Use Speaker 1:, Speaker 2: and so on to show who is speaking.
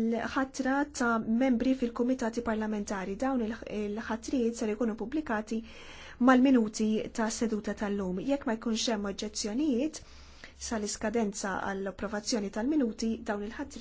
Speaker 1: l-ħatra ta' membri fil-komitati parlamentari. Dawn il-ħatrijiet sar ikunu pubblikati mal-minuti ta' seduta tal-lum. Jekk ma jkunx hemm oġġezzjonijiet sal-iskadenza għall-approvazzjoni tal-minuti dawn il-ħatrijiet